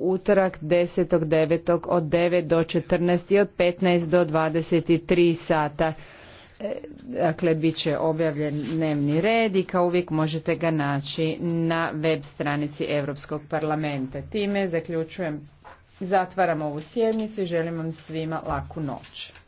utorak 10.9. od 9 do 14 i od 15 do 23 sata. E, dakle, bit će objavljen dnevni red i kao uvijek možete ga naći na web stranici Europskog parlamenta. Time zaključujem, zatvaram ovu sjednicu i želim vam svima laku noć.